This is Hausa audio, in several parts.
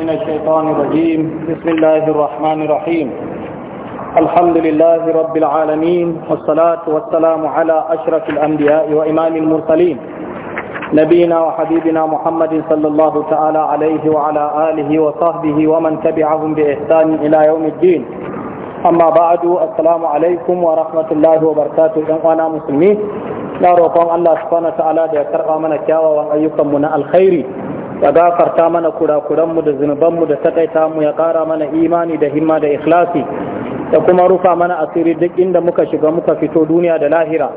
من الشيطان الرجيم بسم الله الرحمن الرحيم الحمد لله رب العالمين والصلاة والسلام على أشرف الأنبياء وإمام المرسلين نبينا وحبيبنا محمد صلى الله تعالى عليه وعلى آله وصحبه ومن تبعهم بإحسان إلى يوم الدين أما بعد السلام عليكم ورحمة الله وبركاته وأنا مسلمين لا روكم الله سبحانه وتعالى ليكرم من كاوى وأن يكرمنا الخيري ya gafarta mana kurakuranmu da zunubanmu da takaita mu ya ƙara mana imani da himma da ikhlasi da kuma rufa mana asiri duk inda muka shiga muka fito duniya da lahira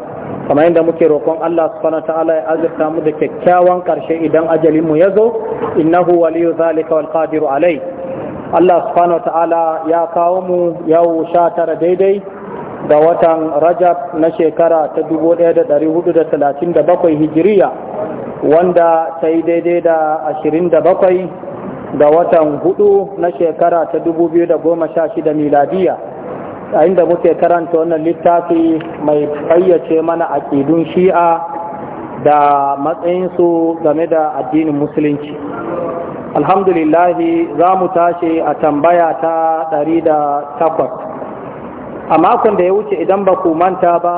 kamar yadda muke roƙon Allah subhanahu ta'ala ya azurta mu da kyakkyawan ƙarshe idan ajalin mu ya zo innahu waliyu zalika wal qadiru alai Allah subhanahu ta'ala ya kawo mu yau 19 daidai Da watan rajab na shekara ta 1437 hijiriya wanda ta yi daidai da 27 da watan hudu na shekara ta 2016 miladiya a inda muke karanta wannan littafi mai fayyace mana aƙidun shi'a da matsayinsu game da addinin musulunci alhamdulillahi za mu tashi a tambaya ta 108 a makon da ya wuce idan ba ku manta ba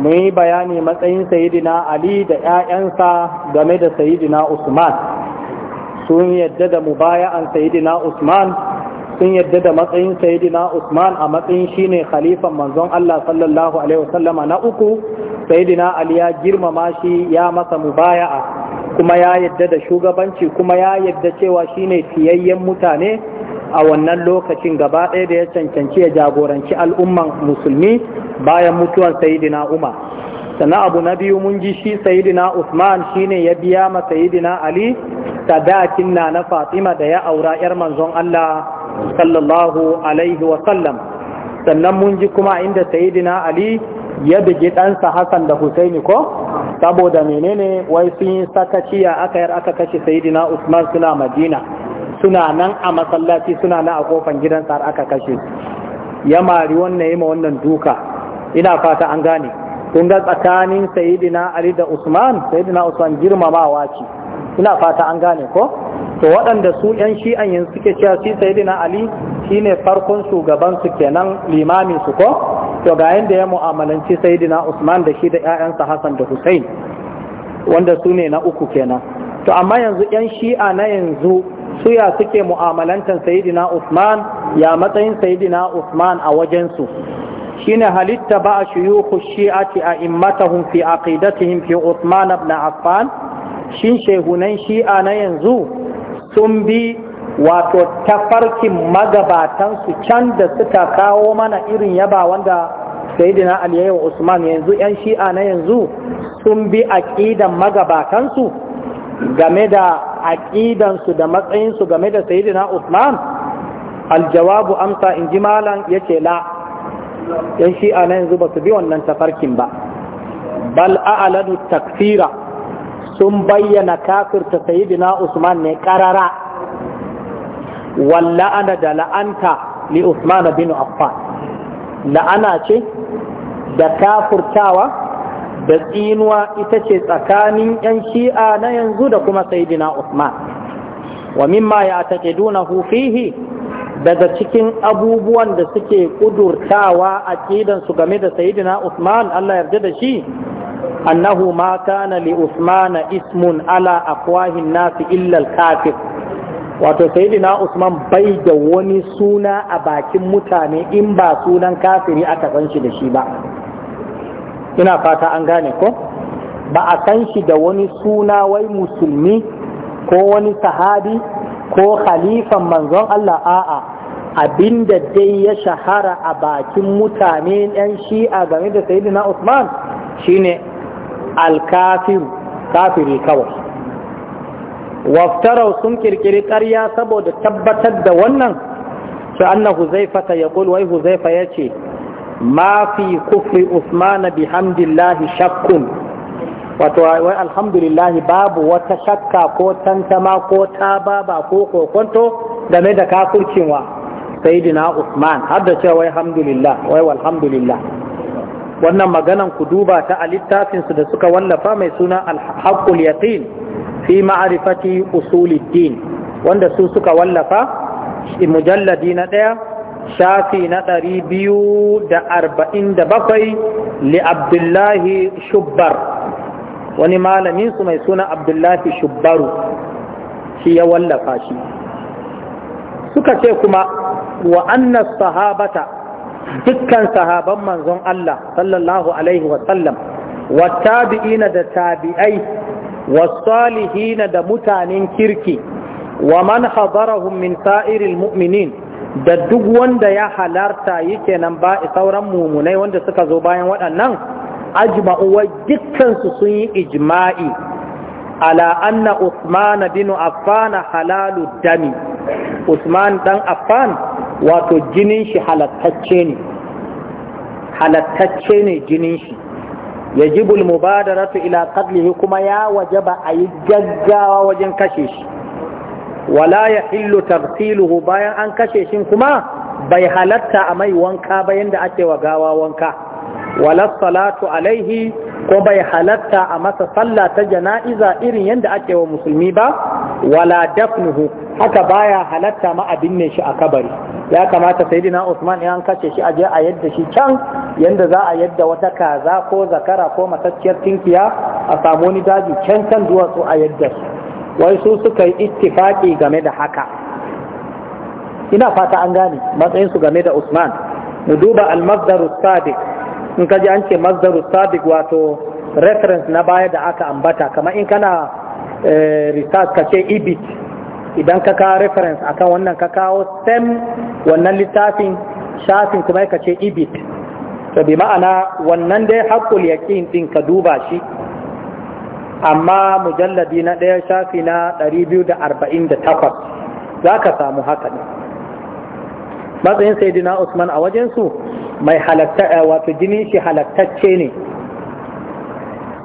mu yi bayani matsayin sayidina ali da 'ya'yansa game da sayidina usman sun yadda da mu mubaya'an sayidina usman sun yadda da matsayin sayidina usman a matsayin shine khalifan manzon allah sallallahu alaihi wasallama na uku sayidina ali ya girmama shi ya masa mubaya'a kuma ya yadda da shugabanci kuma ya yadda cewa shine fiyayyen mutane a wannan lokacin gaba ɗaya da ya cancanci ya jagoranci al'umman musulmi bayan mutuwan sayidina umar sannan abu na biyu mun ji shi sayidina usman shine ya biya ma sayidina ali sadakin na na fatima da ya aura yar manzon allah sallallahu alaihi wasallam sannan mun ji kuma inda sayidina ali ya bugi ɗansa hassan da husaini ko saboda menene wai sun yi sakaciya aka yar aka kashe sayidina usman suna madina suna nan a masallaci suna nan a kofan gidan har aka kashe ya mari wannan yima wannan duka ina fata an gane kun ga tsakanin sayyidina ali da usman sayyidina usman girmamawa ce ina fata an gane ko to waɗanda su yan shi'an yanzu suke cewa shi sayyidina ali shine farkon shugaban su kenan limamin su ko to ga yanda ya mu'amalanci sayyidina usman da shi da ƴaƴansa hasan da husain wanda su ne na uku kenan to amma yanzu yan shi'a na yanzu suya suke mu'amalantar sayidina Usman ya matsayin sayidina Usman a wajensu shine halitta ba a shuyukhu shi'ati a immatahum fi aqidatihim fi Usman ibn Affan shin shehunan shi'a na yanzu sun bi wato tafarkin magabatansu can da suka kawo mana irin yaba wanda sayidina Ali Usman yanzu yan shi'a na yanzu sun bi aqidan magabatansu game da aƙidansu da matsayinsu game da sayidina Usman aljawabu amsa in ji malan ya ce la yan shi a yanzu ba su bi wannan tafarkin ba bal aladu takfira sun bayyana kafirta sayidina Usman ne karara walla'ana da la'anta li Usman bin Affan la'ana ce da kafurtawa da tsinuwa ita ce tsakanin 'yan shi'a na yanzu da kuma saidina Usman wa mimma ya taqidunahu fihi daga cikin abubuwan da suke ƙudurtawa aƙidan su game da saidina Usman Allah yarda da shi annahu ma kana li Usman ismun ala afwahin nasi illal kafir wato saidina Usman bai da wani suna a bakin mutane in ba sunan kafiri aka san shi da shi ba ina fata an gane ko ba a san shi da wani suna wai musulmi ko wani sahabi ko khalifan manzon Allah a'a abinda dai ya shahara a bakin mutane yan shi'a game da sayyidina Usman shine al-kafir kafiri kawai waftarau sun kirkiri ƙarya saboda tabbatar da wannan annahu zai huzaifata ya wai huzaifa ya ce ma fi kufri usman bihamdillahi shakkun wato wai alhamdulillahi babu wata shakka ko tantama ko tababa ko kokonto game da kafircin wa sayyidina usman har wai alhamdulillah wai wannan maganan ku duba ta a littafinsu da suka wallafa mai suna alhaqqul yaqin fi ma'arifati usuluddin wanda su suka wallafa mujalladi na ɗaya shafi na ɗari biyu da arba'in da bakwai li abdullahi shubbar wani malaminsu mai suna abdullahi shubbaru shi ya wallafa shi suka ce kuma wa annas sahabata dukkan sahaban manzon Allah sallallahu alaihi wasallam wa tabi'ina da tabi'ai wa salihina da mutanen kirki wa man hadarahum min sa'iril mu'minin da duk wanda ya halarta yake nan ba sauran mumunai wanda suka zo bayan waɗannan ajma'u wa dukkansu sun yi ijma'i ala anna Usman bin Affan halalu dami Usman dan Affan wato jinin shi halattacce ne halattacce ne jinin shi yajibu al-mubadaratu ila qatlihi kuma ya wajaba ayi gaggawa wajen kashe shi wala ya illu tafsiluhu bayan an kashe shi kuma bai halarta a mai wanka ba ake wa gawa wanka wala salatu alaihi ko bai halatta a masa sallah ta jana'iza irin yanda ake wa musulmi ba wala dafnuhu haka baya halatta ma a binne shi a kabari ya kamata sayyidina Usman ya kashe shi aje a yadda shi can yanda za a yadda wata kaza ko zakara ko matacciyar tinkiya a samu wani daji can can zuwa a yadda su wai su suka yi ittifaki game da haka ina fata an gane matsayin su game da Usman mu duba al-mazdaru sadiq in ka ji an ce mazdaru sadiq wato reference na baya da aka ambata kamar in kana eh, research ka ce ibit idan ka kawo reference akan wannan ka kawo SEM, wannan littafin shafin kuma ka ce ibit to bi ma'ana wannan dai haqqul yaƙin din ka duba shi amma mujalladi na ɗaya shafi na 248 za ka samu haka ne matsayin saidina usman a wajensu mai halatta eh, wato jini shi halattacce ne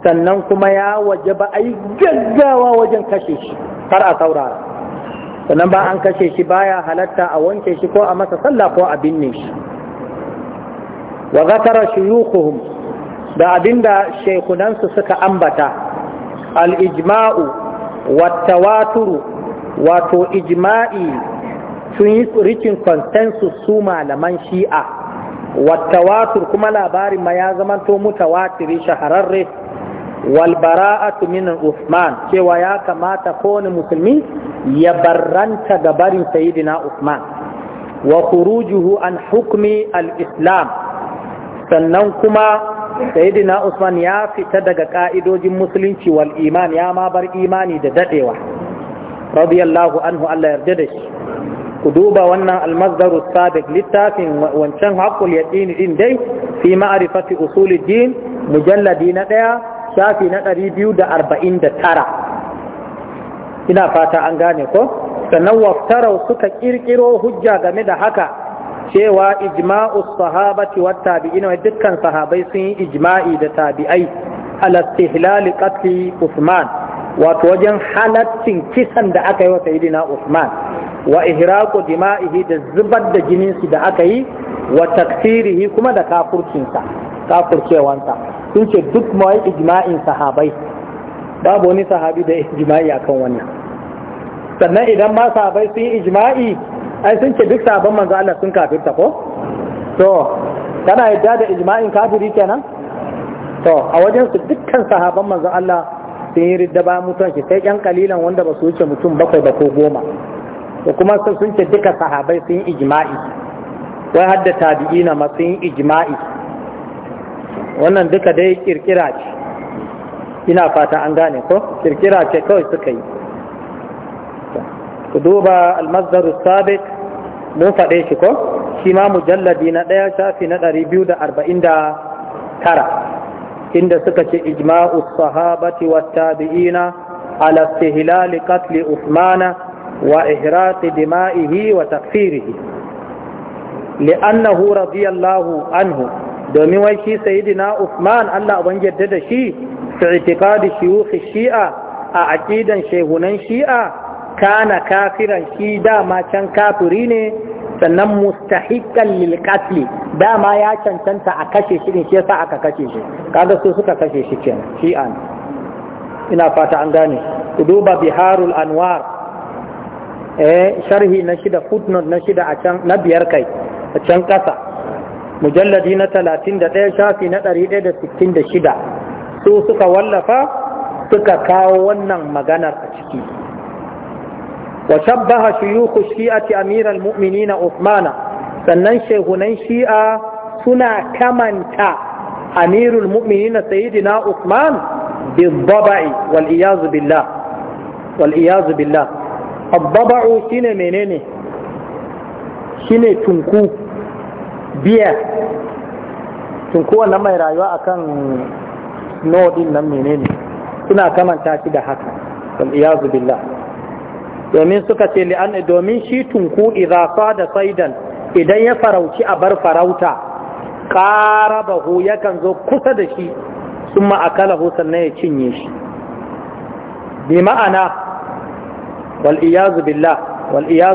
sannan kuma ya waje ba a yi gaggawa wajen kashe shi kar a saurara sannan ba an kashe shi baya halatta a wanke shi ko a masa sallah ko a binne shi wa zakara shuyukuhum da abinda shekunansu suka ambata al-ijma'u watawaturu wato ijma'i sun yi rikin consensus su malaman shi'a watawatur kuma labarin ma ya zamanto mutawatiri shahararre walbara'atu min Usman cewa ya kamata kowane musulmi ya barranta ga barin sayidina Usman wa kurujuhu an hukmi al-islam sannan kuma sayyidina Usman ya fita daga ka'idojin musulunci wal iman ya ma bar imani da dadewa radiyallahu anhu Allah yarda da shi ku duba wannan almazdaru sabiq littafin wancan haqqul yaqin din dai fi ma'rifati usuluddin mujalladi na daya shafi na 249 ina fata an gane ko sannan waftarau suka kirkiro hujja game da haka cewa ijma'u sahabati wa tabi'ina dukkan sahabai sun yi ijma'i da tabi'ai ala istihlal qatl Uthman wato wajen halaccin kisan da aka yi wa sayyidina Uthman wa ihraqu dima'ihi da zubar da jinin su da aka yi wa taksirihi kuma da kafurcinsa kafurcewansa sun ce duk mai ijma'in sahabai babu wani sahabi da ijma'i akan wannan sannan idan ma sahabai sun yi ijma'i ai sun ce duk sabon manzo Allah sun kafirta ko to kana yadda da ijma'in kafiri kenan to a wajen su dukkan sahaban manzo Allah sun yi ridda ba mutuwan shi sai yan kalilan wanda ba su wuce mutum bakwai ba ko goma to kuma sun ce duka sahabai sun yi ijma'i wai hadda tabi'ina ma sun yi ijma'i wannan duka dai kirkira ce ina fata an gane ko kirkira ce kawai suka yi ku duba almazdaru sabit mun faɗe shi ko shi ma mujalladi na ɗaya shafi na ɗari biyu da arba'in da tara inda suka ce ijma'u sahabati wa tabi'ina ala istihlali qatli usmana wa ihraqi dima'ihi wa takfirihi li'annahu radiyallahu anhu domin wai shi sayyidina usman Allah uban yadda da shi fi i'tiqadi shuyukh shi'a a aqidan shehunan shi'a kana kafiran shi dama can kafiri ne sannan mustahikan lilkatli dama ya cancanta a kashe shi ne shi yasa aka kashe shi kaga su suka kashe shi kenan shi an ina fata an gane ku duba biharul anwar eh sharhi na shida footnote na shida a can na biyar kai a can kasa mujalladi na 31 shafi na 166 su suka wallafa suka kawo wannan maganar a ciki وشبه شيوخ الشيعة أمير المؤمنين عثمان sannan shehunan shi'a suna kamanta amirul mu'mini na sayidina Usman bizzaba'i wal'iyazu billah wal'iyazu billah abbaba'u shi ne menene shi tunku biya tunku wannan mai rayuwa akan kan nodin nan menene suna kamanta shi da haka wal'iyazu billah domin suka ce li'an domin shi tunku idafa da saidan idan ya farauci a bar farauta ƙara bahu yakan zo kusa da shi sun ma'akalahu sannan ya cinye shi bi ma'ana wal'iyazu billah karya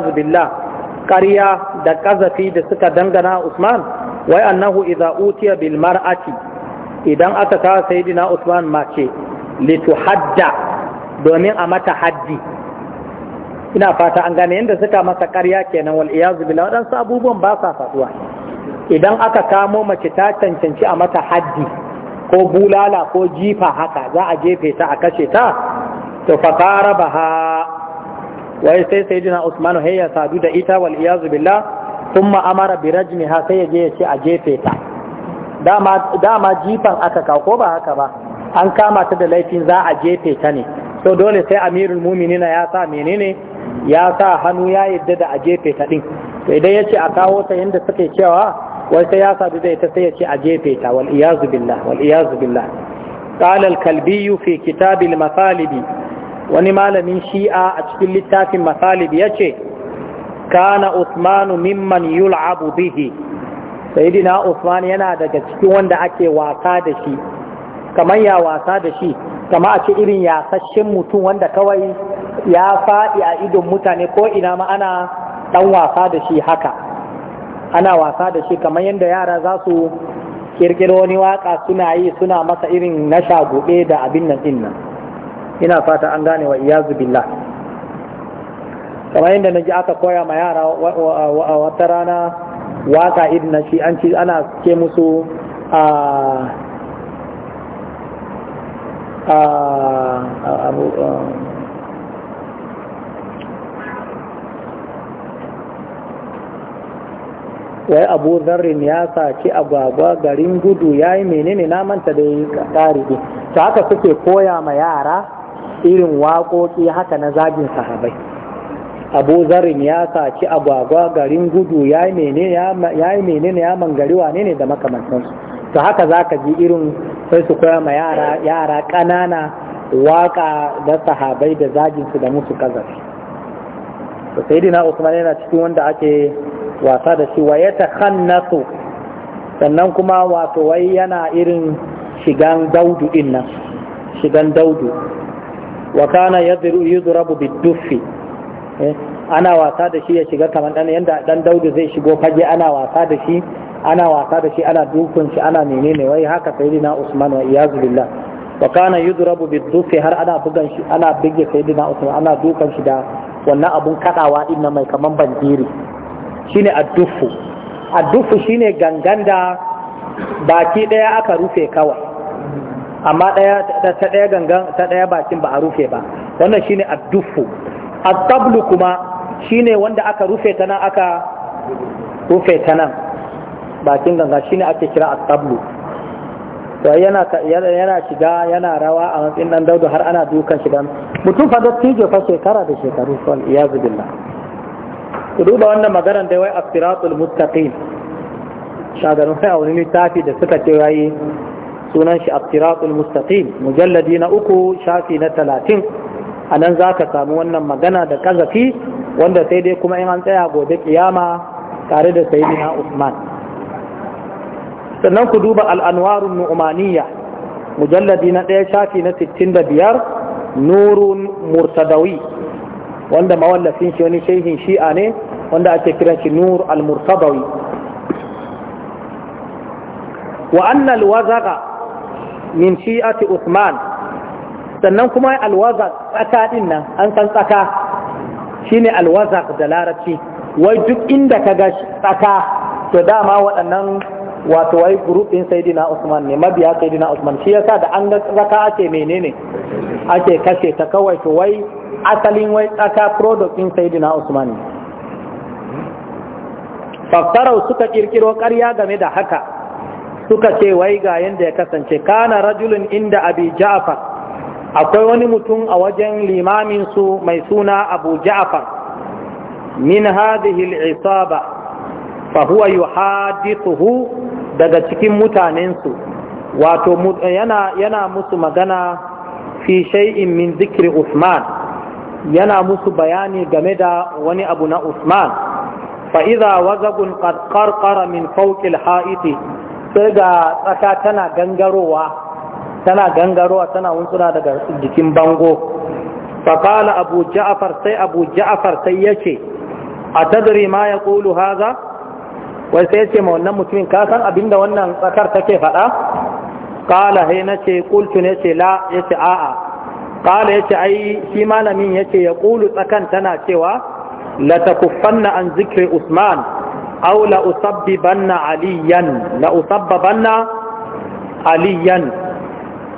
ƙarya da ƙazafi da suka dangana usman wai annahu idza utiya bil mar'ati idan aka kawo saidina usman mace lituhadda domin a mata haddi ina fata an gane yadda suka masa karya kenan wal iyazu billah waɗansu abubuwan ba sa faɗuwa idan aka kamo mace ta cancanci a mata haddi ko bulala ko jifa haka za a jefe ta a kashe ta to fara ba ha wai sai sai jina usmanu sadu da ita wal iyazu billah thumma amara bi ha sai ya je ya ce a jefe ta dama dama jifan aka kawo ko ba haka ba an kama ta da laifin za a jefe ta ne to dole sai amirul muminina ya sa menene ya sa hannu ya yadda da a jefe ta ɗin idan ya ce a kawo ta yadda suke cewa wai sai ya sadu ita sai ya ce a jefe ta wal iyazu billah wal Kalbiyu fi masalibi wani malamin shi'a a cikin littafin masalibi yace kana usmanu mimman yul'abu bihi sayyidina usman yana daga cikin wanda ake wasa da shi kamar ya wasa da shi kama a ce irin yasashen mutum wanda kawai ya faɗi a idon mutane ko ina ma ana ɗan wasa da shi haka ana wasa da shi kamar yadda yara za su ƙirƙiro wani waka suna yi suna masa irin na shagube da abin nan ɗin nan ina fata an gane wa iyazu billah kamar yadda na ji aka koya ma yara wata rana waka irin na shi an ci ana ce musu a wai abu zarrin ya saci agwagwa garin gudu ya yi menene na manta da yi tsari ne to haka suke koya ma yara irin waƙoƙi haka na zagin sahabai abu zarrin ya saci agwagwa garin gudu ya yi menene ya mangari wane ne da makamantansu to haka za ka ji irin sai su koya ma yara yara ƙanana waƙa da sahabai da zaginsu da musu kazafi sai dina usman yana cikin wanda ake wasa da shi wa ya takhannasu sannan kuma wato wai yana irin shigan daudu din nan shigan daudu wa kana yudrabu biduffi eh, ana wasa da shi ya shiga kamar dan yanda dan daudu zai shigo faje ana wasa da shi ana wasa da shi ana dukun shi ana menene wai haka sayyidina Usman wa iyazu billah wa kana yudrabu biduffi har ana bugan shi ana bige sayyidina Usman ana dukan shi da wannan abun kadawa din mai kaman bandiri shine addufu addufu shine gangan da baki daya aka rufe kawa, amma ta daya gangan ta daya bakin ba a rufe ba wannan shine addufu addablu kuma shine wanda aka rufe ta nan aka rufe ta nan bakin ganga shine ake kira addablu to yana yana shiga yana rawa a matsayin dan daudu har ana dukan shiga mutum fa da tijo fa shekara da shekaru sol iyazu billah ku duba wannan maganar da wai asiratul mustaqim shagarin a wani littafi da suka ce yayi sunan shi asiratul mustaqim mujalladi na uku shafi na talatin a nan za ka samu wannan magana da kazafi wanda sai dai kuma in an tsaya gobe kiyama tare da sayyidina usman sannan ku duba al'anwarun nu'umaniya mujalladi na ɗaya shafi na sittin da biyar nurun murtadawi wanda mawallafin shi wani shehin shi'a ne wanda ake kira shi nur al murtadawi wa anna al-wazaga min shi'ati Uthman sannan kuma al-wazag tsaka din nan an san tsaka shine al-wazag da larabci wai duk inda ka ga tsaka to dama waɗannan wato wai group din sayyidina Usman ne mabiya sayyidina Usman shi yasa da an ga tsaka ake menene ake kashe ta kawai to wai asalin wai tsaka product din sayyidina Usman ne fastarau suka kirkiro ƙarya game da haka suka ce wai ga yanda ya kasance kana rajulun inda abi ja'far akwai wani mutum a wajen limamin su mai suna abu ja'far min hadhihi al-isaba fa huwa yuhadithu daga cikin mutanensu wato yana yana musu magana fi shay'in min dhikri usman yana musu bayani game da wani abu na usman fa'iza idza wazabun qad min fawqil ha'iti sai ga tsaka tana gangarowa tana gangarowa tana wuntsuna daga jikin bango fa qala abu ja'far sai abu ja'far sai A atadri ma ya yaqulu haza? wai sai yace ma wannan mutumin ka san abinda wannan tsakar take faɗa qala hay nace qultu ce. la ya ce a'a ya ce ai shi malamin ya ce. Ya yaqulu tsakan tana cewa لتكفن عن ذكر عثمان أو لأسببن عليا لأسببن Aliyan.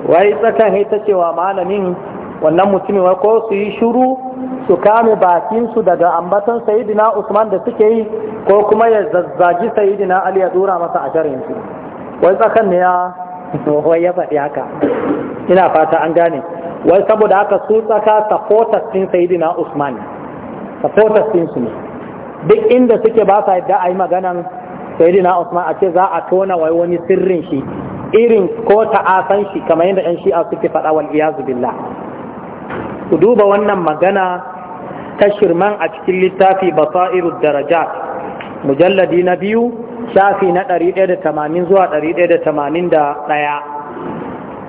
wai tsakan haita cewa malamin wannan mutumin wai ko su yi shuru su kame bakinsu daga ambaton Sayyidina usman da suke yi ko kuma ya zazzaji Sayyidina ali ya dura masa a sharinsu wai tsakan ne ya wai ya faɗi haka ina fata an gane wai saboda haka su tsaka supporters din Sayyidina usman supporters din su ne duk inda suke ba sa yadda a yi maganan sayyidina Usman a ce za a tona wai wani sirrin shi irin ko asan shi kamar yadda yan shi'a suke faɗa wal iyazu billah ku duba wannan magana ta shirman a cikin littafi basairu darajat mujalladi na biyu shafi na 180 zuwa 181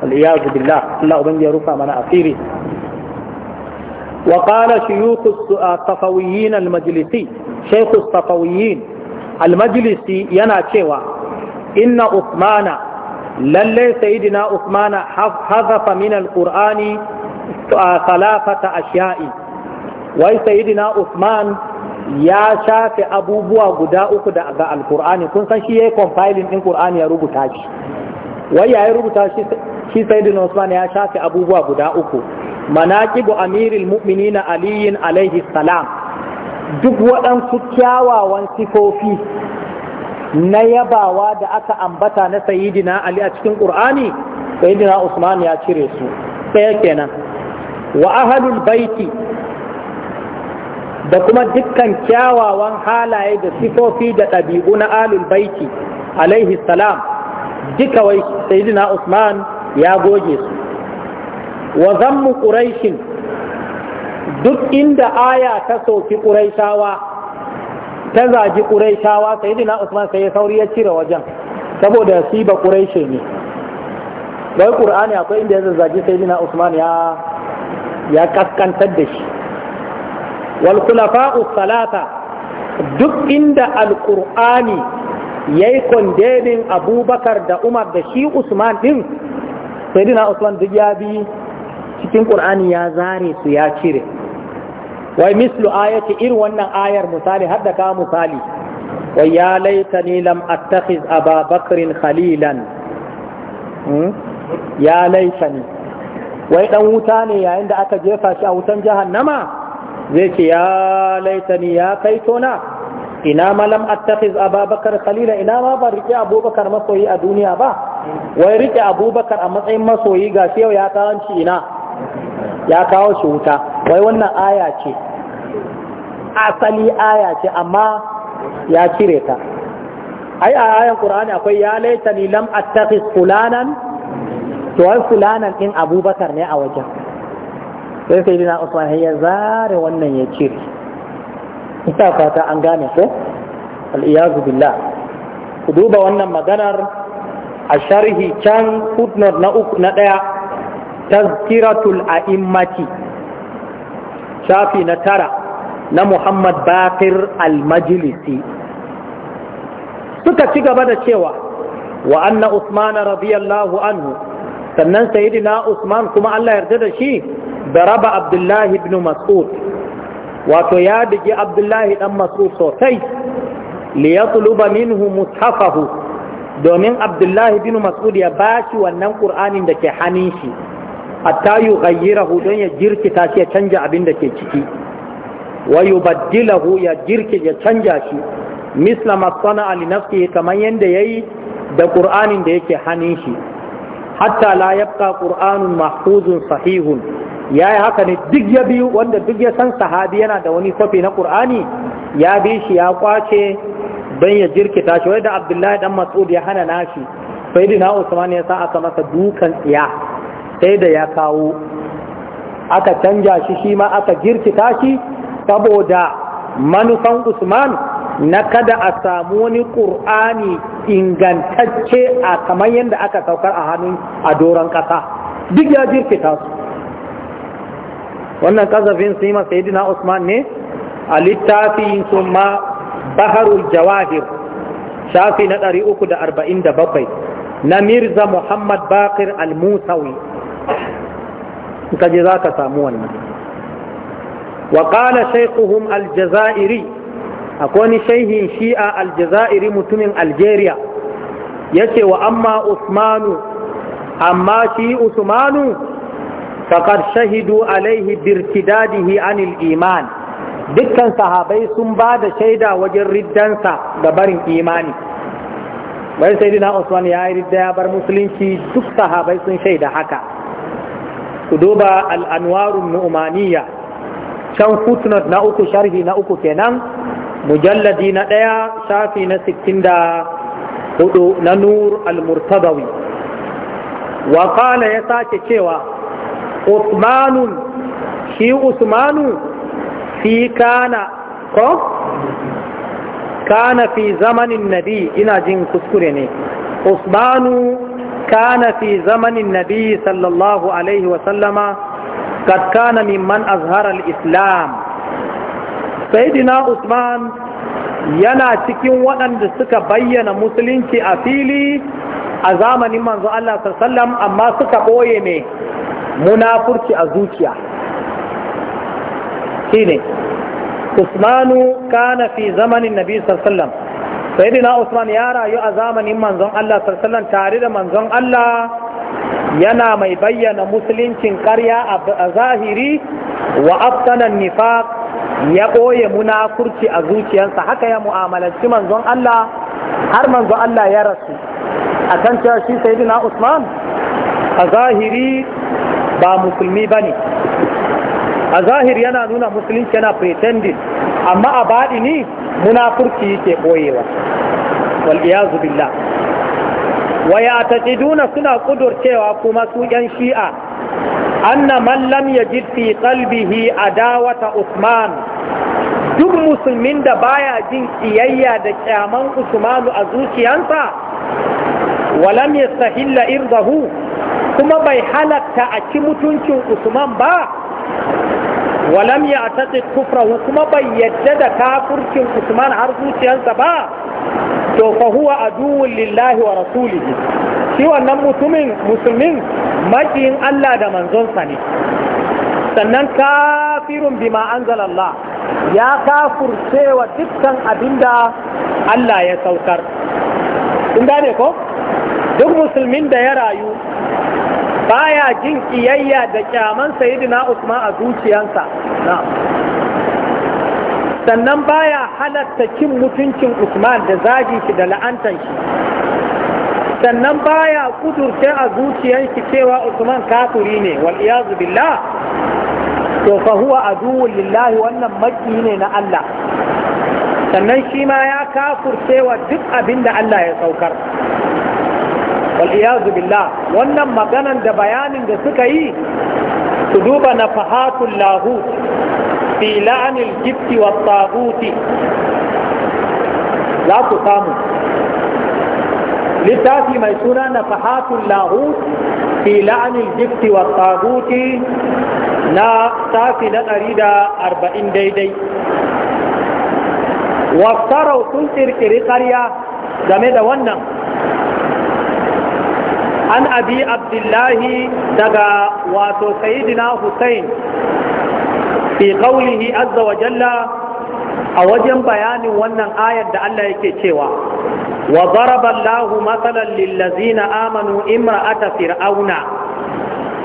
al iyazu billah Allah ubangiji ya rufa mana asiri وقال شيوخ الصفويين المجلسي شيخ الصفويين المجلسي ينا شوى إن عثمان للي سيدنا عثمان حذف من القرآن ثلاثة أشياء وي سيدنا عثمان ya shafe abubuwa guda uku daga alkur'ani kun san shi ya yi compiling ɗin ƙur'ani ya rubuta shi wai ya rubuta shi sai usman ya shafe abubuwa guda uku manaqibu amiril mu'minina aliyin alaihi salam duk waɗansu kyawawan sifofi na yabawa da aka ambata na sayidina ali a cikin ƙur'ani sayidina usman ya cire su ɗaya kenan wa ahalul baiti da kuma dukkan kyawawan halaye da sifofi da ɗabi'u na alul baiti alaihi salam duka wai sayidina usman ya goge su wa zammu ƙuraishin duk inda aya ta soki ƙuraishawa ta zaji ƙuraishawa sai dina usman sai ya sauri ya cire wajen saboda shi ba ƙuraishe ne bai ƙur'ani akwai inda ya zazzaji sai dina usman ya ya kaskantar da shi wal khulafa'u salata duk inda alqur'ani yayi kondemin abubakar da umar da shi usman din sai dina usman duk ya bi cikin qur'ani ya zare su ya cire wai mislu ayati irin wannan ayar misali har da ka misali wai ya laita laitani lam attakhiz aba bakrin khalilan hmm? ya laita laitani wai dan wuta ne yayin da aka jefa shi a wutan jahannama zai ce ya laita laitani ya kai tona ina ma lam attakhiz ababakar khalila ina ma ban rike abubakar masoyi a duniya ba wai rike abubakar a matsayin masoyi ga yau ya karanci ina ya kawo su wuta wai wannan aya ce asali aya ce amma ya cire ta ai a ayan qur'ani akwai ya laitani lam attakhis fulanan to wai fulanan din abubakar ne a wajen sai sai dina usman hayya zare wannan ya cire ita fata an gane ko al iyaz billah ku duba wannan maganar a sharhi can footnote na uku na daya tazkiratul a'immati shafi na tara na Muhammad Bafir al-Majlisi suka ci gaba da cewa wa anna Usman radiyallahu anhu sannan sayyidina Usman kuma Allah yarda da shi da raba Abdullahi ibn Mas'ud wato ya digi Abdullahi dan Mas'ud sosai li yatluba minhu mushafahu domin Abdullahi ibn Mas'ud ya bashi wannan Qur'anin da ke hanin shi hatta yughayyirahu don ya jirki shi ya canja abin da ke ciki wa yubaddilahu ya jirki ya canja shi misla ma ali li nafsihi kamar yanda yayi da qur'anin da yake hanin shi hatta la yabqa qur'anun mahfuzun sahihun yayi haka ne duk ya biyu wanda duk ya san sahabi yana da wani kofi na qur'ani ya bi shi ya kwace don ya jirkita shi wai da abdullahi dan mas'ud ya hana nashi sai dina usman ya sa aka masa dukan tsiya sai da ya kawo aka canja shi shi ma aka girkita shi saboda manufan usman na kada a samu wani ƙur'ani ingantacce a kamar yadda aka saukar a hannun a doron ƙasa duk ya jirkita su wannan ƙazafin su yi masa yadina usman ne a littafi su ma baharul jawahir shafi na 347 na mirza muhammad bakir al-musawi ka je za ka samu wannan wa qala shaykhuhum aljazairi akwai ni shaihin shi'a aljazairi mutumin algeria yace wa amma usmanu amma shi usmanu faqad shahidu alaihi birtidadihi anil iman dukkan sahabai sun ba da shaida wajen riddansa ga barin imani bai sai usman ya yi ridda ya bar musulunci duk sahabai sun shaida haka ku duba al'anwarun nu'umaniya can footnote na uku sharhi na uku kenan mujalladi na ɗaya shafi na sittin da hudu na nur al-murtabawi wa kala ya sake cewa usmanun shi usmanu fi kana ko kana fi zamanin nabi ina jin kuskure ne usmanu kana fi zamanin nabi sallallahu alaihi wasallama kad kana mimman azharar islam Saidina usman yana cikin waɗanda suka bayyana musulunci a fili a zamanin manzo Allah sallam amma suka ɓoye ne munafurci a zuciya shine usmanu kana fi zamanin nabi sallam sayyidina usman ya rayu a zamanin manzon Allah sallallahu tare da manzon Allah yana mai bayyana musuluncin karya a zahiri wa aftanan nifaq ya boye munafurci a zuciyarsa haka ya mu'amalanci manzon Allah har manzon Allah ya rasu a kan cewa shi sayyidina usman a zahiri ba musulmi bane a zahiri yana nuna musulunci yana pretending amma a ni munafurci yake ɓoyewa wal'iyazu billah waya ta suna ƙudurcewa kuma su ‘yan shi'a anna man lam yajid fi qalbihi adawata usman duk musulmin da baya jin kiyayya da kyaman usmanu a zuciyansa walam yastahilla irdahu kuma bai halatta a ci mutuncin usman ba walam ya tati kufrahu kuma bai yadda da kafurcin usman har zuciyarsa ba to fa huwa aduwwun lillahi wa rasulihi shi wannan musulmin makiyin Allah da manzonsa ne sannan kafirin bima anzalallah ya kafurcewa dukkan abinda Allah ya saukar kun gane ko duk musulmin da ya rayu baya jin kiyayya da ƙyaman sayidina Usman a zuciyarsa. sannan baya halatta cin mutuncin usman da zagi shi da la'antar shi sannan baya kudurce a zuciyarki cewa usman kafuri ne wal iyazu billah to fa a aduwwul lillahi wannan maki ne na Allah sannan shi ma ya kafurce wa duk abin da Allah ya saukar wal billah wannan maganan da bayanin da suka yi su duba na fahatul lahut fi la'anil jibti wa taguti za ku samu littafi mai suna na fahatun lahut fi la'anil jibti wa taguti na tafi na ɗari da arba'in daidai wasarau sun ƙirƙiri ƙarya game da wannan an abi abdullahi daga wato sayidina hussein fi qawlihi azza wa jalla a wajen bayanin wannan ayar da Allah yake cewa wa daraba Allahu mathalan lil ladzina amanu imra'ata fir'auna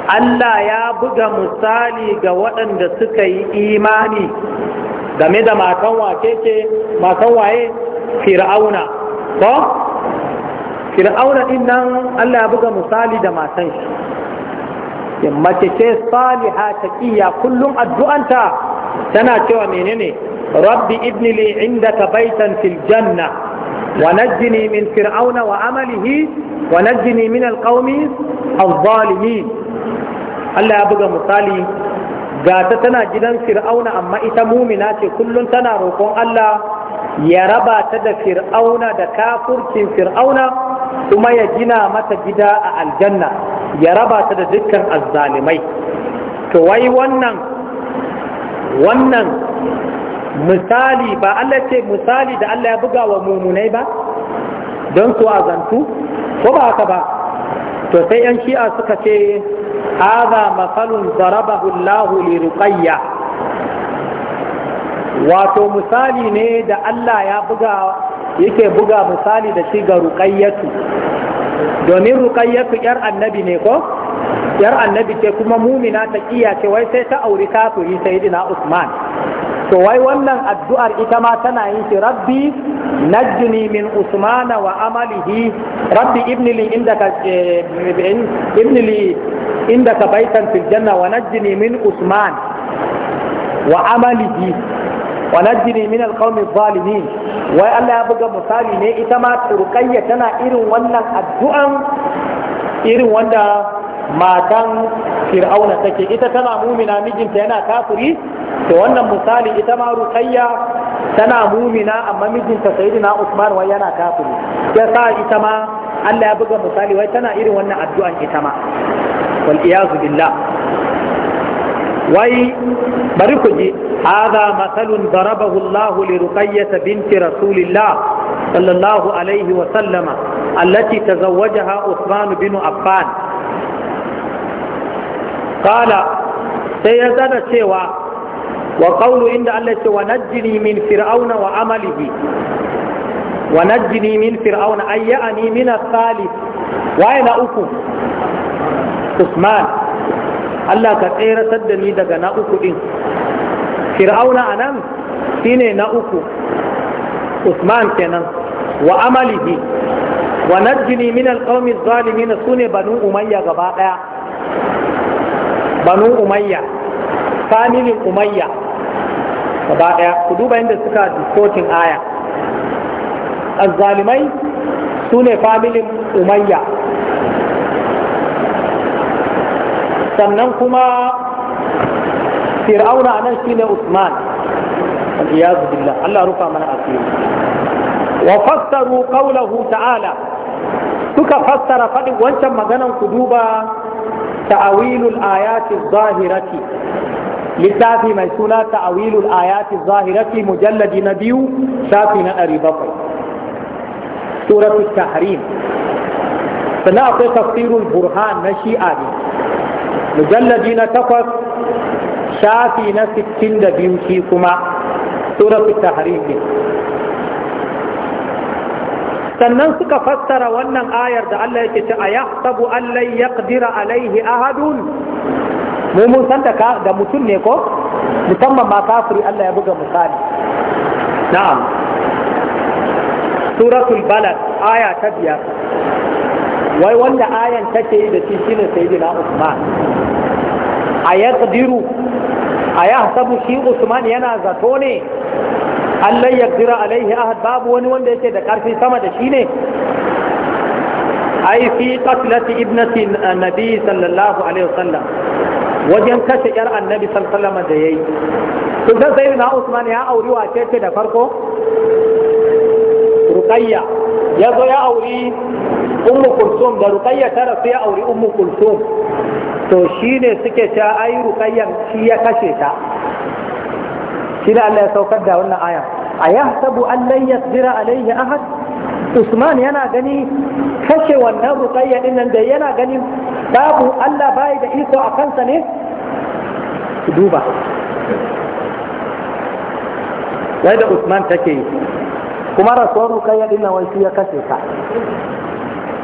Allah ya buga misali ga waɗanda suka yi imani game da matan matan waye fir'auna ko fir'auna din nan Allah ya buga misali da matan shi mace ce saliha taqiya kullum addu'anta tana cewa menene rabbi ibni li indaka baitan fil janna wa najjini min fir'auna wa amalihi wa najjini min alqaumi adh-dhalimin Allah ya buga misali gata tana gidan fir'auna amma ita mumina ce kullum tana roƙon Allah ya raba ta da fir'auna da kafurcin fir'auna kuma ya gina mata gida a aljanna ya raba ta da dukkan azzalimai to wai wannan wannan misali ba Allah ce misali da Allah ya buga wa mumunai ba don su azantu ko ba haka ba to sai yan shi'a suka ce hadha masalun darabahu Allah li ruqayya wato misali ne da Allah ya buga yake buga misali da shi ga ruƙayyatu domin ruƙayyatu ƴar annabi ne ko Ƴar annabi ce kuma mumina ta kiya ce wai sai ta auri kafiri dina usman to wai wannan addu'ar ita ma tana yin shi rabbi najjini min Usman wa amalihi rabbi ibni li indaka eh, ibni li indaka baitan fil janna wa najjini min usman wa amalihi wa najjini min alqawmi zalimin wai Allah ya buga misali ne ita ma turqayya tana irin wannan addu'an irin wanda matan fir'auna take ita tana mumina mijinta yana kafiri to wannan misali ita ma ruqayya tana mumina amma mijinta sayyidina usman wai yana kafiri yasa ita ma Allah ya buga misali wai tana irin wannan addu'an ita ma wal iyazu billah وي بركجي هذا مثل ضربه الله لرقية بنت رسول الله صلى الله عليه وسلم التي تزوجها عثمان بن عفان قال سيزاد سوى وقول إن الله ونجني من فرعون وعمله ونجني من فرعون أيأني يعني من الثالث وأين أكم عثمان Allah ka tseratar da ni daga na uku ɗin, fir'auna a anan shine na uku usman kenan wa amalihi wa najjini min alqawmi adh su ne banu umayya gaba ɗaya, banu umayya familin umayya gaba ɗaya, ku duba inda suka diskotin aya azzalimai ne familin umayya sannan kuma fir'auna a nan shine usman iyazu billah Allah rufa mana asiri wa fassaru qawlahu ta'ala suka fassara fadi wancan maganan ku duba ta'awilul ayati zahirati littafi mai suna ta'awilul ayati zahirati mujalladi na biyu safi na ɗari bakwai suratul tahrim sannan akwai tafsirul burhan na shi'a ne mujalladi na takwas shafi na sittin da biyu kuma suratu tahrimi sannan suka fassara wannan ayar da Allah yake ce a yahsabu an lan yaqdira alaihi ahadun mu mun san da ka da mutum ne ko musamman ma kafiri Allah ya buga misali na'am suratul balad aya ta biyar wai wanda ayan take da shi shine sayyidina Usman a yaqdiru a yahsabu shi usman yana zato ne Allah ya kira alaihi ahad babu wani wanda yake da karfi sama da shi ne ai fi qatlati ibnati annabi sallallahu alaihi wasallam wajen kashe yar annabi sallallahu alaihi wasallam da yayi to sai sai na usman ya auri wace ce da farko ruqayya ya zo ya auri ummu kulsum da ruqayya ta rasu ya auri ummu kulsum to shi ne suke ta ai ruqayyan shi ya kashe ta shi ne Allah ya saukar da wannan aya a yahsabu Allah ya yaqdira alayhi ahad Usman yana gani kashe wannan ruqayya din nan da yana gani babu Allah bai da iko a kansa ne duba wai da Usman take yi kuma rasuwar ruqayya din nan wai shi ya kashe ta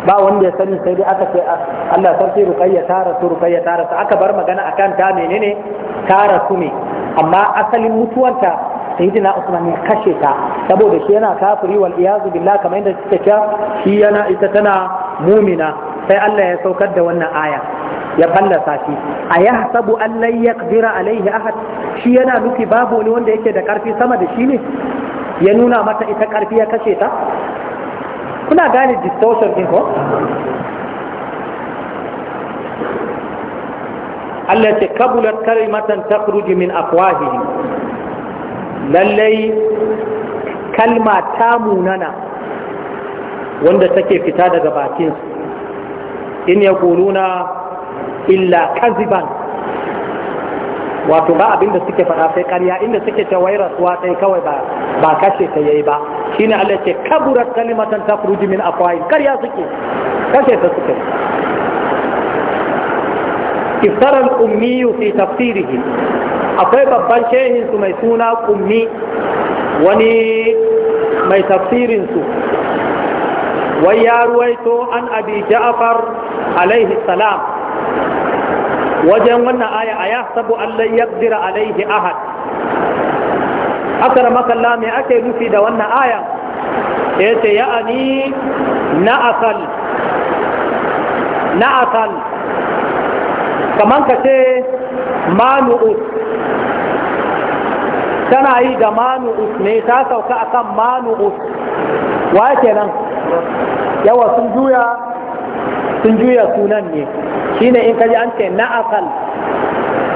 ba wanda ya sani sai dai aka ce ah, Allah sarki ruqayya ta rasu ruqayya ta rasu aka bar magana akan ta menene ta rasu ne amma asalin mutuwanta sayyidina Usman ne kashe ta saboda shi yana kafiri wal iyazu billah kamar yadda kike cewa shi yana ita tana mumina sai Allah ya saukar da wannan aya ya fallasa shi a ya sabu Allah ya alaihi ahad shi yana nufi babu wani wanda yake da karfi sama da shi ne ya nuna mata ita karfi ya kashe ta kuna gane distortion ɗin ko Allah ce kabulat kalimatan takhruju min afwahihim lallai kalma ta munana wanda take fita daga bakinsu in ya kuluna illa kaziban wato ba abinda suke faɗa sai ƙarya inda suke ta wai rasuwa sai kawai ba kashe ta yayi ba ne Allah ce kaburat kalimatan takhruju min afwahin karya suke kashe ta suke iftara al-ummi fi tafsirihi akwai babban shehin su mai suna ummi wani mai tafsirin su wai ya ruwaito an abi ja'far alaihi salam wajen wannan aya aya sabu Allah yaqdira alaihi ahad akramaka Allah me ake nufi da wannan aya ce ya'ani na'akal na'akal kamar ka ce manu'ut tana yi da manu'ut ne ta sauka akan manu'ut wa kenan yawa sun juya sun juya sunan ne shine in kaji an ce na'akal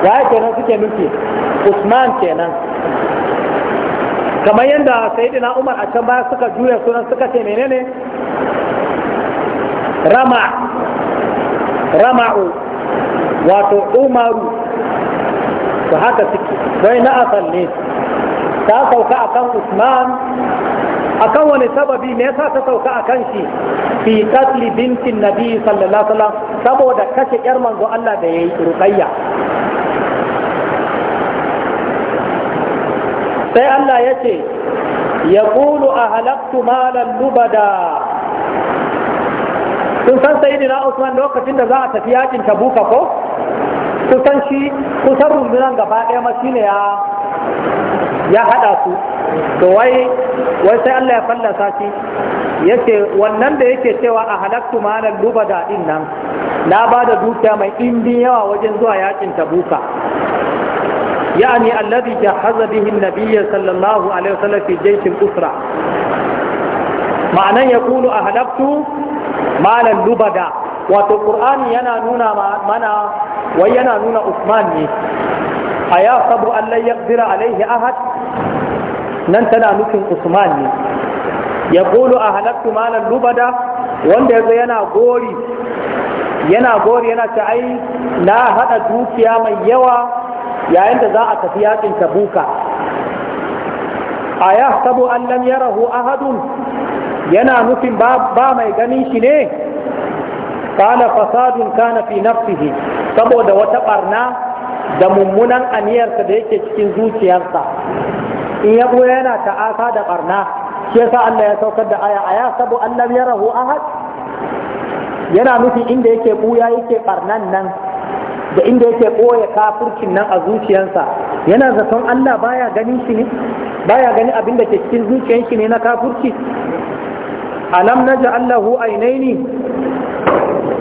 wa kenan suke nufi Usman kenan kamar yadda sayyidina umar a can baya suka juya sunan suka ce menene rama rama'u wato umaru to haka suke bai na asal ne ta sauka a kan usman A kan wani sababi me yasa ta sauka kan shi fi qatli bintin nabi sallallahu alaihi wasallam saboda kashe yar manzo Allah da ya yi rukayya sai Allah ya ce ya ƙulu a halaktu malan lubada sun san sai na Usman lokacin da za a tafi yakin tabuka ko kusan shi kusan rundunan gaba ɗaya masu ne ya ya haɗa su to wai wai sai Allah ya fallasa shi ce wannan da yake cewa a halaktu malan lubada din nan na ba da dukiya mai ɗimbin yawa wajen zuwa yakin tabuka يعني الذي جهز به النبي صلى الله عليه وسلم في جيش الأسرة معنى يقول أهلبت مال اللبدا وتقرآن ينا نونا منا وينا نونا عثمان أيحسب أن لن يقدر عليه أحد ننتنا نكن عثمان يقول أهلكت مال اللبدا wanda yana gori yana gori yana ta ai na haɗa dukiya mai yawa yayin da za a tafi yakin tabuka a ya sabu an lam yarahu ahadun yana nufin ba mai ganin shi ne kala fasadun kana fi nafsihi saboda wata barna da mummunan aniyarsa da yake cikin zuciyarsa in ya yana ta'asa da barna shi yasa Allah ya saukar da aya aya sabu an lam yarahu ahad yana nufin inda yake buya yake barnan nan da inda yake ɓoye kafurkin nan a zuciyarsa yana zaton Allah baya ganin shi ne baya gani abin da ke cikin zuciyar shi ne na kafurci alam naja Allahu ainaini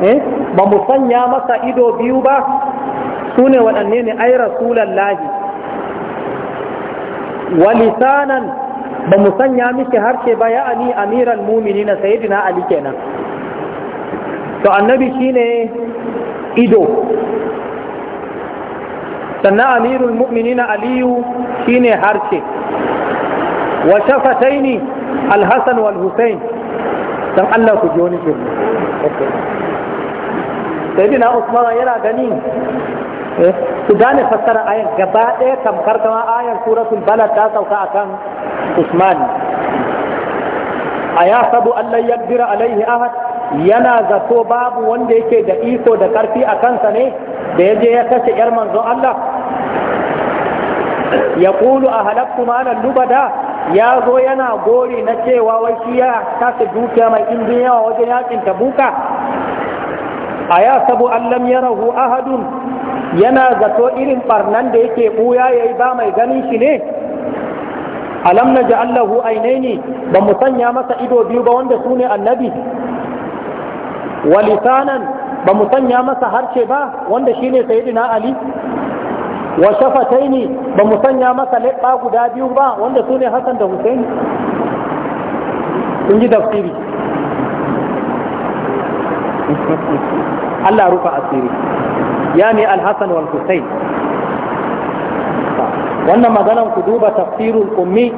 eh ba mu sanya masa ido biyu ba ne waɗanne ne ai rasulallahi wa lisanan ba mu sanya miki harshe ba ya ani amiral na sayyidina ali kenan to annabi shine ido sannan amirul mu'minina aliyu shine harshe wa shafataini alhassan wal husain Allah ku ji wani shi sayyidina usman yana gani su eh, gane fassara ayan gaba ɗaya tamkar kama ayan suratul balad ta sauka akan usman a ya sabu Allah ya bira alaihi ahad yana zato babu wanda yake da iko da karfi a kansa ne da ya je ya kashe yar manzon Allah ya kulu a halaktu malar lubada ya zo yana gori na cewa wai shi ya kasa dukiya mai indin yawa wajen yakin buka a ya sabu allam ya rahu ahadun yana zato irin barnan da yake buya ya yi ba mai ganin shi ne alam na ji allahu ainaini ba mu sanya masa ido biyu ba wanda su ne annabi walisanan ba mu sanya masa harshe ba wanda shi ne sayidina ali wa shafataini ba mu sanya masa leɓa guda biyu ba wanda su ne Hassan da Husaini sun ji tafsiri Allah rufa asiri yani al Alhassan wal Husain wannan maganan ku duba tafsirul ummi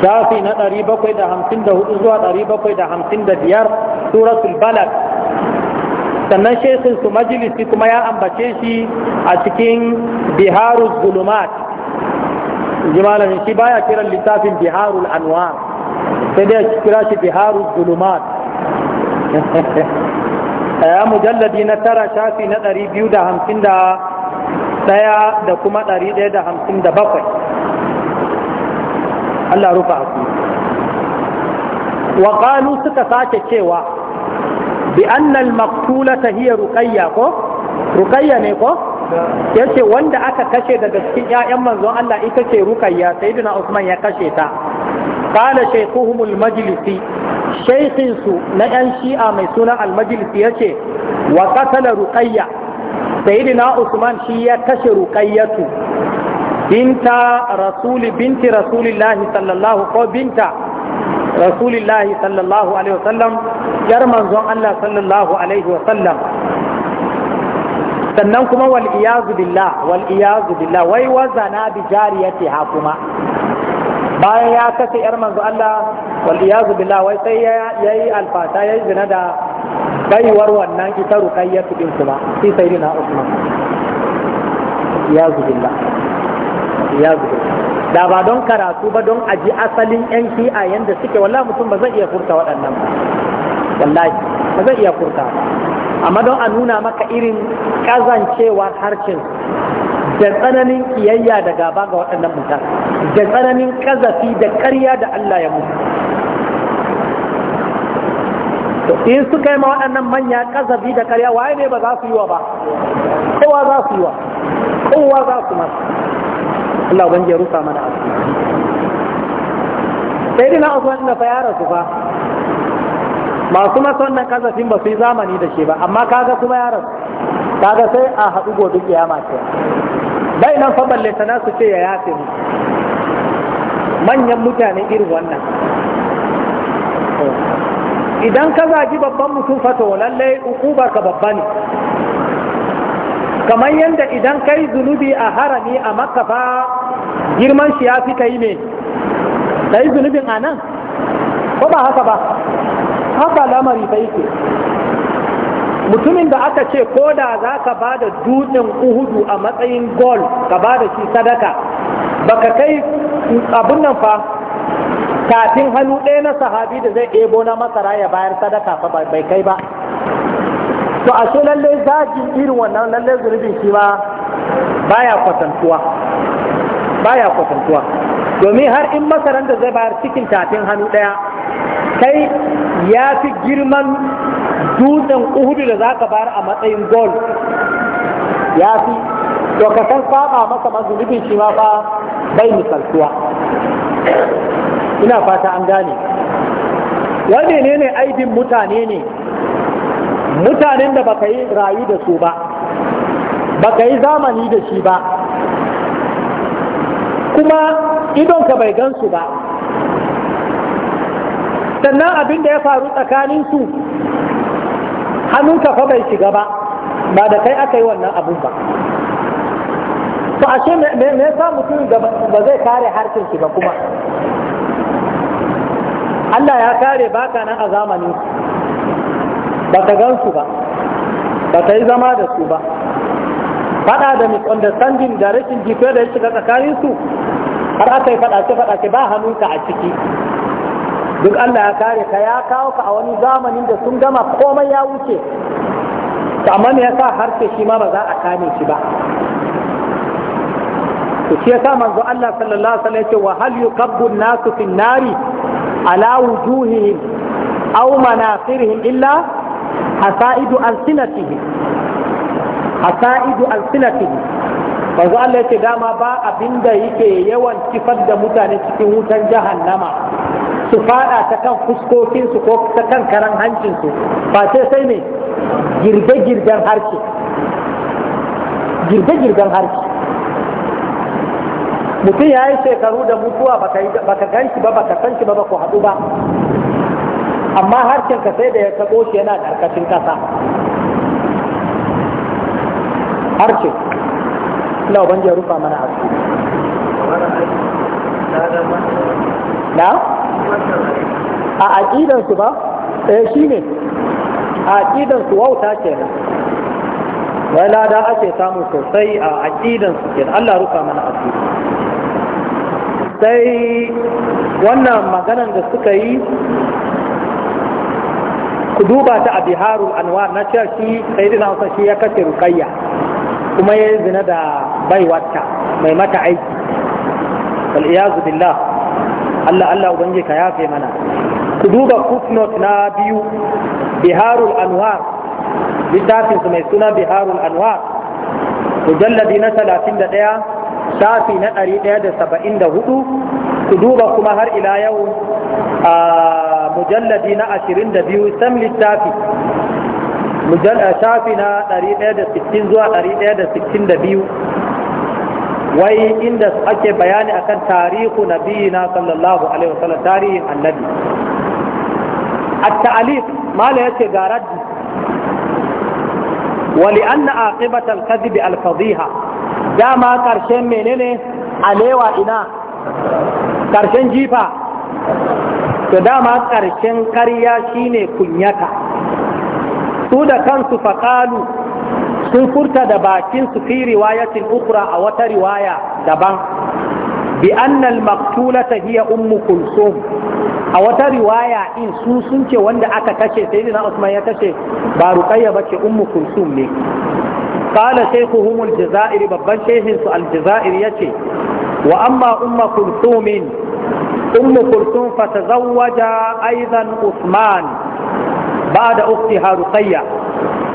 shafi na 754 zuwa 755 suratul balad sannan shekin su majalisi kuma ya ambace shi a cikin biharus gulumat jimalamin shi baya kiran littafin biharul anwar sai dai kira shi biharus gulumat ya mujalladi na tara shafi na ɗari biyu da hamsin da ɗaya da kuma ɗari ɗaya da hamsin da bakwai Allah rufa haku wa suka sake cewa bi annal maktulata hiya ruqayya ko ruqayya ne ko yace wanda aka kashe daga cikin ƴaƴan manzon Allah ita ce ruqayya sayyidina Usman ya kashe ta qala shaykhuhum majlisi shaykhin su na 'yan shi'a mai suna al-majlisi yace wa qatala ruqayya sayyidina Usman shi ya kashe ruqayyatu binta rasuli binti rasulillahi sallallahu ko binta rasulillahi sallallahu alaihi wasallam yar manzon Allah sallallahu alaihi wasallam sannan kuma wal iyazu billah wal iyazu billah wai wazana bi jariyatiha kuma bayan ya kace yar manzo Allah wal iyazu billah wai sai yayi alfata yayi zina da baiwar wannan ita ruqayyatu din kuma sai sayyidina Usman iyazu billah iyazu billah da ba don karatu ba don aji asalin yan a yanda suke wallahi mutum ba zai iya furta waɗannan ba wallahi ba zai iya furta amma don a nuna maka irin kazancewar harcin da tsananin kiyayya da gaba ga waɗannan mutane da tsananin kazafi da ƙarya da Allah ya mutu in suka yi ma waɗannan manya kazafi da ƙarya waye ne ba za su yi wa ba kowa za su yi wa kowa za su masu Allah ban ya rufa mana abu sai dina Usman da fa ya su fa masu masu wannan kasafin ba su yi zamani da shi ba amma kaga kuma ya rasu kaga sai a haɗu gobe kiyama ce bai nan fa balle sana su ce ya yafe mu manyan mutane irin wannan idan ka zagi babban mutum fato lallai ukubar ka babba ne kamar yadda idan kai zunubi a harami a makafa girman shi ya fi ka yi ne da yi zunubin a nan ko ba haka ba haka lamari ba yake mutumin da aka ce ko da za ka ba da dutsen uhudu a matsayin gol ka ba da shi sadaka baka kai abun nan fa kafin hannu ɗaya na sahabi da zai ɗebo na masara ya bayar sadaka fa bai kai ba to a so lallai zagin irin wannan lallai zunubin shi ba baya kwatantuwa baya kwatantuwa domin har in masaran da zai bayar cikin tafin hannu ɗaya kai ya fi girman dutsen uhudu da za ka bayar a matsayin gol ya fi to ka san saba masa mazunubin shi ma fa bai misaltuwa ina fata an gane wani ne ne aibin mutane ne mutanen da baka yi rayu da su ba baka yi zamani da shi ba kuma idonka bai su ba sannan abin da ya faru su hannunka fa bai shiga ba ba da kai aka yi wannan abun ba to ashe me yasa mutum da ba zai kare harkin shi ba kuma Allah ya kare baka nan a zamani ba ta su ba ba ta yi zama da su ba fada da misunderstanding da rashin jito da ya shiga tsakanin su har aka yi fadace fadace ba hannunka a ciki duk Allah ya kare ka ya kawo ka a wani zamanin da sun gama komai ya wuce amma me yasa harshe shi ma ba za a kame shi ba to shi yasa manzo Allah sallallahu alaihi wasallam yace wa hal yuqabbu an-nasu fi an-nari ala wujuhihim aw manaqirihim illa asaidu alsinatihim hasaidu alsinatihi manzo Allah yake dama ba abinda yake yawan kifar da mutane cikin wutan jahannama su fada ta kan fuskokinsu ko ta kan karan hancinsu ba sai sai ne girge-girgen harshe girge-girgen harshe mutum ya yi shekaru da mutuwa baka gan shi ba baka san shi ba ba ku haɗu ba amma harshen ka sai da ya taɓo shi yana ƙarƙashin ƙasa harshe Allah ban ya rufa mana asiri. na a aqidan su ba eh shine a aqidan su wauta kenan wai lada ake samu sosai a aqidan su ke Allah rufa mana asiri. sai wannan maganan da suka yi ku duba ta a anwar na cewa shi dina wasa shi ya kace rukayya kuma ya zina da baiwata, mai mata aiki wal'iyazu billah Allah Allah ubangi ka yafe mana ku duba footnote na biyu biharul anwar littafin su mai suna biharul anwar mujalladi na 31 safi na 174 ku duba kuma har ila yau mujalladi na 22 sam littafi shafi na 160 zuwa 162 wai inda ake bayani akan tarihu na sallallahu alaihi wasallam tarihin annabi A taalif mala yace ga raddi wali anna aqibata al-kadhib al-fadhiha dama karshen menene alewa ina karshen jifa to dama karshen ƙarya shine kunyata su da kansu faƙalu sun furta da bakin su fi riwayatin ukra a wata riwaya daban bi annal ta hiya ummu kulsum a wata riwaya in su sun ce wanda aka kashe na Usman ya kashe ba ruqayya bace ummu kulsum ne قال شيخهم الجزائري ببن yace wa amma وأما أم كلثوم أم كلثوم فتزوج أيضا Usman. Ba da ukhtiha ruqayya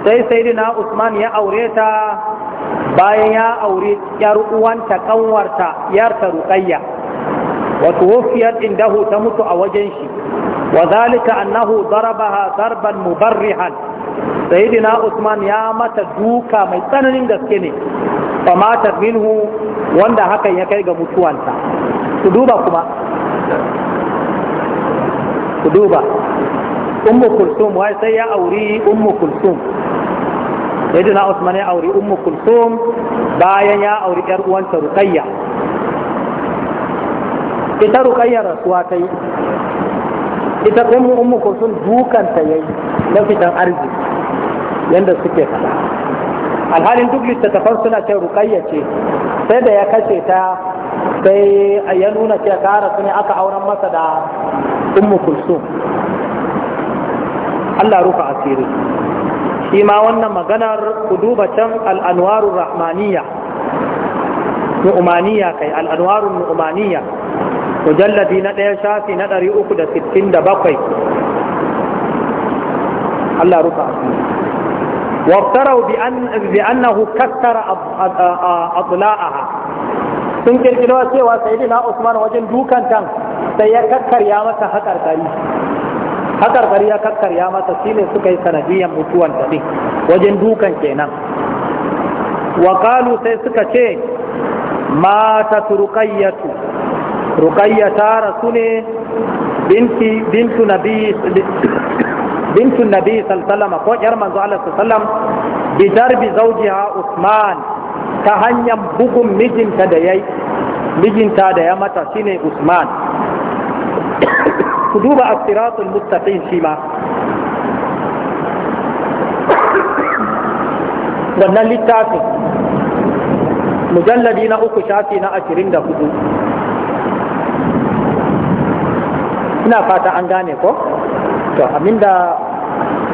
sai Saidina usman ya aure ta bayan ya aure yar uwanta kanwarta yarta ruqayya wa tuwfiyat indahu ta mutu a wajen shi wa zalika annahu darabaha darban mubarrihan sayyidina usman ya mata duka mai tsananin gaske ne fa matat minhu wanda hakan ya kai ga mutuwanta ku duba kuma ku duba ummu kulsum wai sai ya auri ummu kulsum sayyidina usman ya auri ummu kulsum bayan ya auri yar uwanta ruqayya ita ruqayya rasuwa ta yi ita ummu ummu kulsum dukan ta yayi na fitan arziki yanda suke fada alhalin duk littattafan suna ce ruqayya ce sai da ya kashe ta sai ya nuna cewa ta rasu ne aka auren masa da ummu kulsum Allah rufa asiri shi ma wannan maganar ku duba can al'anwarun rahmaniya nu'umaniya kai al'anwarun nu'umaniya mujalladi na ɗaya shafi na ɗari uku da sittin da bakwai Allah rufa asiri waftarau bi annahu kassara adla'aha sun kirkiro cewa sai na Usman wajen dukan tan sai ya kakkarya masa haƙarƙari hakarkari ya kakkarya masa shi ne suka yi sanadiyan mutuwan tafi wajen dukan kenan wa kalu sai suka ce mata ruqayyatu ruqayya ta rasu ne binti bintu nabi bintu nabi sallallahu alaihi wasallam ko yar manzo Allah sallallahu bi darbi zawjiha Usman ta hanyar bugun mijinta da yayi mijinta da ya mata shine Usman ku duba as-siratul mustaqim shi ma wannan littafin mujalladi na uku shafi na ashirin da hudu ina fata an gane ko to da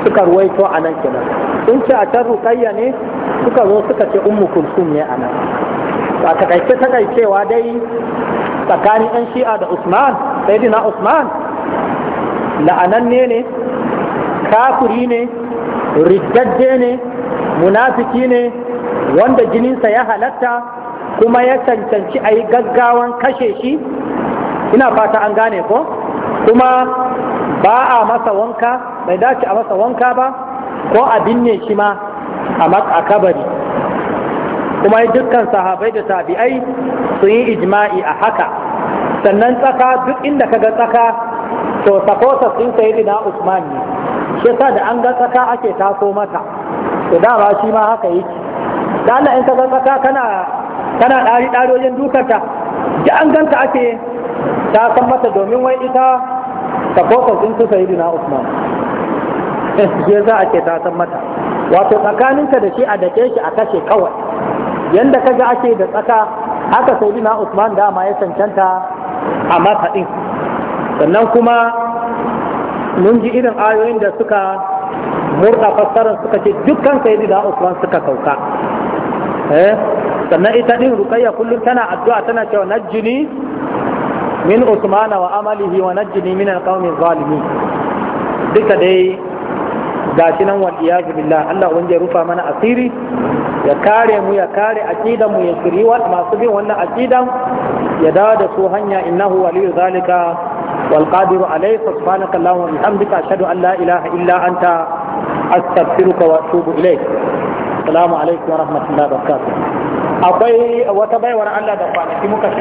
suka ruwaito a nan kenan sun ce a can rukayya ne suka zo suka ce ummu kulsum ne a nan a ta kaicewa dai tsakanin ɗan shi'a da usman dina usman la'ananne ne kafiri ne riddadde ne munafiki ne wanda jininsa ya halatta kuma ya cancanci a yi gaggawan kashe shi ina fata an gane ko kuma ba a masa wanka bai dace a masa wanka ba ko a binne shi ma a kabari kuma dukkan sahabai da tabi'ai sun yi ijma'i a haka sannan tsaka duk inda kaga tsaka to supporters din sayyidina Usman ne shi yasa da an ga tsaka ake taso mata to dama shi ma haka yake da Allah in ka ga tsaka kana kana dari darojin dukarta, da an ganta ake ta san mata domin wai ita supporters din su da Usman shi yasa ake ta san mata wato tsakaninka da shi a dake shi a kashe kawai yanda kaga ake da tsaka haka sai sayyidina Usman dama ya cancanta a masa din sannan kuma mun ji irin ayoyin da suka murda fassarar suka ce dukkan sai da usman suka sauka eh, sannan ita din rukayya kullum tana addu'a tana cewa najjini min usmana wa amalihi wa najjini min alqawmi zalimi duka dai gashi nan wal iyaz billah Allah wanda ya rufa mana asiri ya kare mu ya kare aqidan mu ya shiri wa masu bin wannan aqidan ya dawo da su hanya innahu waliyu zalika والقادر عليه سبحانك اللهم وبحمدك أشهد أن لا إله إلا أنت أستغفرك وأتوب إليك السلام عليكم ورحمة الله وبركاته أقوي وتبعي ورعلا دفعنا في مكشف